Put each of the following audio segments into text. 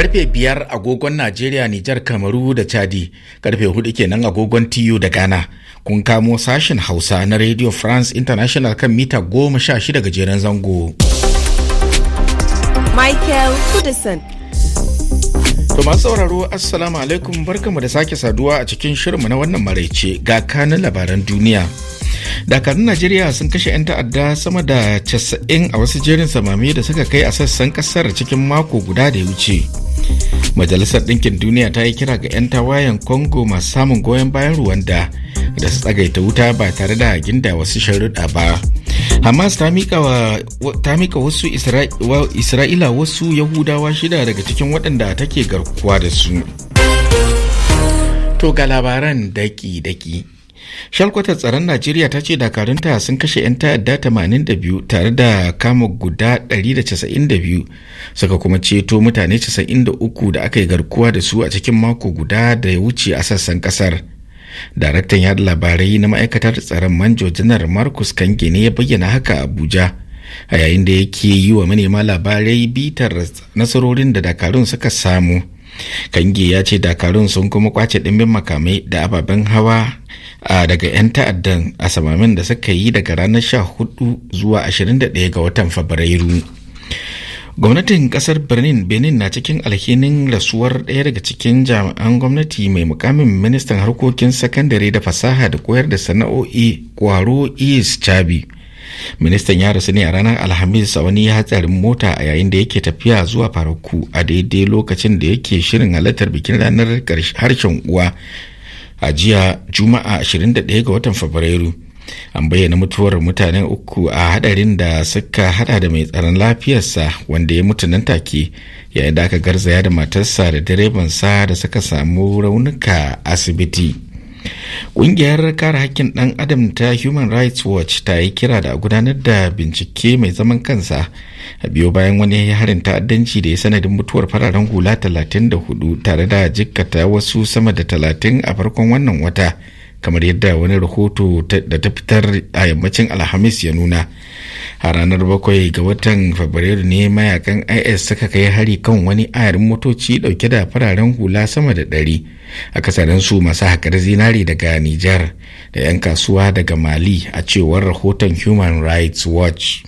karfe biyar agogon Najeriya, Nijar, Kamaru da Chadi, karfe hudu kenan agogon TU da Ghana. Kun kamo sashen Hausa na Radio France International kan mita goma sha shida gajeren zango. Michael Kudison. To masu sauraro Assalamu alaikum barkamu da sake saduwa a cikin shirinmu na wannan maraice ga kanin labaran duniya. dakarun najeriya sun kashe 'yan ta'adda sama da 90 a wasu jerin samami da suka kai a sassan kasar cikin mako guda da ya wuce majalisar ɗinkin duniya ta yi kira ga 'yan tawayen congo masu samun goyon bayan ruwanda da su tsagaita wuta ba tare da ginda wasu sharuɗa ba hamas ta mika wasu isra'ila wasu yahudawa shida daga cikin waɗanda take garkuwa da su to ga labaran daki-daki shalkwatar tsaron najeriya ta ce dakarunta sun kashe 'yan ta'adda 82 tare da kama guda 192 suka kuma ceto mutane 93 da aka yi garkuwa da su a cikin mako guda da ya wuce a sassan kasar daraktan yada labarai na ma'aikatar tsaron manjo janar marcus kange ne ya bayyana haka abuja a yayin da yake yi wa manema labarai bitar nasarorin da dakarun suka samu kange ya ce dakarun sun kuma kwace ɗimbin makamai da ababen hawa a daga 'yan ta'addan asamamin da suka yi daga ranar 14 zuwa 21 ga watan fabrairu gwamnatin kasar birnin benin na cikin alhinin rasuwar ɗaya daga cikin jami'an gwamnati mai mukamin ministan harkokin sakandare da fasaha da koyar da sana'o'i kwaro is chabi ministan ya rasu ne a ranar alhamis a wani hatsarin mota a yayin da yake tafiya zuwa faruku a daidai lokacin da yake shirin halartar bikin ranar harshen uwa a jiya juma'a 21 ga watan fabrairu an bayyana mutuwar mutane uku a hadarin da suka hada da mai tsaron lafiyarsa wanda ya mutu nan take yayin da aka garzaya da matarsa da direbansa da suka samu raunuka asibiti Ƙungiyar kare hakkin ɗan adam ta Human Rights Watch ta yi kira da gudanar da bincike mai zaman kansa a biyo bayan wani harin ta'addanci da ya sanadin mutuwar fararen hula 34 tare da jikkata wasu sama da 30 a farkon wannan wata. kamar yadda wani rahoto da ta fitar a yammacin alhamis ya nuna a ranar bakwai ga watan fabrairu ne mayakan is suka kai hari kan wani ayarin motoci dauke da fararen hula sama da ɗari a kasarinsu masu haƙar zinari daga nijar da 'yan kasuwa daga mali a cewar rahoton human rights watch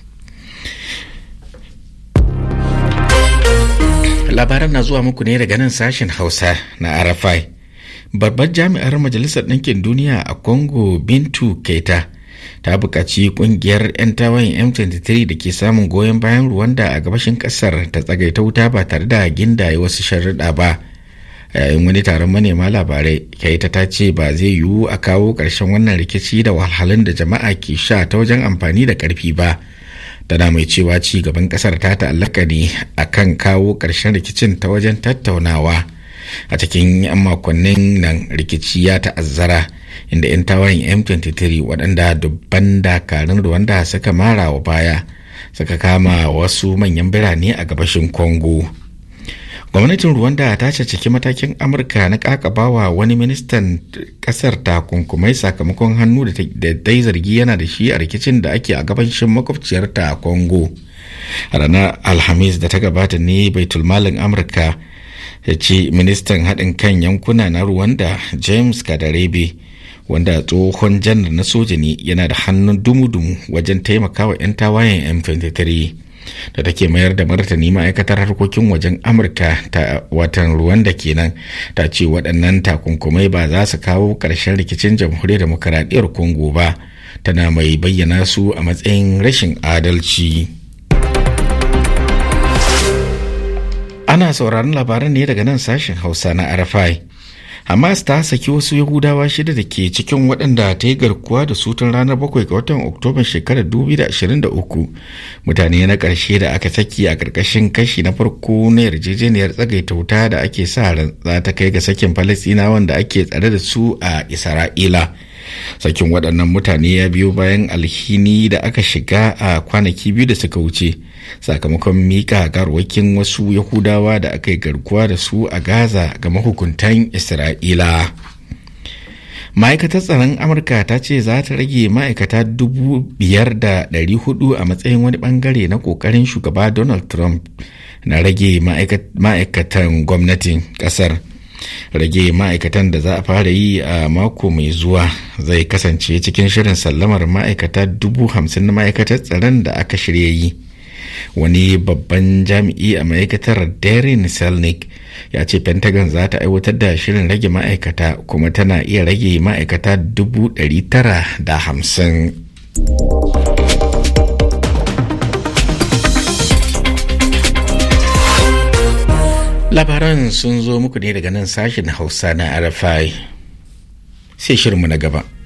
labaran na zuwa muku ne daga nan sashen hausa na arafai babbar jami'ar majalisar ɗinkin duniya a congo bintu keita ta buƙaci ƙungiyar 'yan tawayin m23 da ke samun goyon bayan ruwanda a gabashin ƙasar ta tsagaita wuta ba tare da gindaye wasu sharaɗa ba yayin wani taron manema labarai kaita ta ce ba zai yiwu a kawo ƙarshen wannan rikici da wahalhalun da jama'a ke sha ta wajen amfani da ƙarfi ba tana mai cewa ci gaban ƙasar ta ta'allaka ne akan kawo ƙarshen rikicin ta wajen tattaunawa. a cikin 'yan makonnin nan rikici ya ta'azzara inda 'yan tawayin m23 waɗanda dubban dakarun rwanda suka mara wa baya suka kama wasu manyan birane a gabashin congo gwamnatin rwanda ta ciki matakin amurka na kakabawa wani ministan kasar kunkumai sakamakon hannu da dai zargi yana da shi a rikicin da ake a gabashin makwabciyar ta congo A ranar alhamis da ta gabata ne bai baitulmalin amurka ya ce ministan haɗin kan yankuna na ruwanda james kadarebe wanda tsohon janar na soja ne yana da hannun dumu-dumu wajen taimakawa 'yan tawayen m23 da take mayar da martani ma'aikatar harkokin wajen amurka ta watan ruwan da kenan ta ce waɗannan takunkumai ba za su kawo ƙarshen rikicin jamhuriyar demokaradiyyar congo ba tana mai bayyana su a matsayin rashin adalci. ana sauraron labaran ne daga nan sashen hausa na arafai hamas ta saki wasu yahudawa shida da ke cikin waɗanda ta yi garkuwa da su tun ranar 7 ga watan oktoban shekarar 2023 mutane na ƙarshe da aka saki a ƙarƙashin kashi na farko na yarjejeniyar tsagaita wuta da ake sa ran za ta kai ga sakin Falasina da ake tsare da su a isra'ila sakin waɗannan mutane ya biyo bayan alhini da aka shiga a kwanaki biyu da suka wuce sakamakon Miƙa garwakin wasu yahudawa da aka yi garkuwa da su a gaza ga mahukuntan isra'ila ma'aikatar tsaron amurka ta ce za ta rage ma'aikata dubu biyar da hudu a matsayin wani bangare na ƙoƙarin shugaba donald trump na rage ma'aikatan gwamnatin ƙasar, rage ma'aikatan da za a fara yi a mako mai zuwa zai kasance cikin shirin sallamar ma'aikata dubu hamsin na ma'aikatar tsaron da aka shirya yi wani babban jami'i a ma'aikatar darren selnick ya ce pentagon za ta aiwatar da shirin rage ma'aikata kuma tana iya rage ma'aikata 950 labaran sun zo muku ne daga nan sashen hausa na rfi sai shirinmu na gaba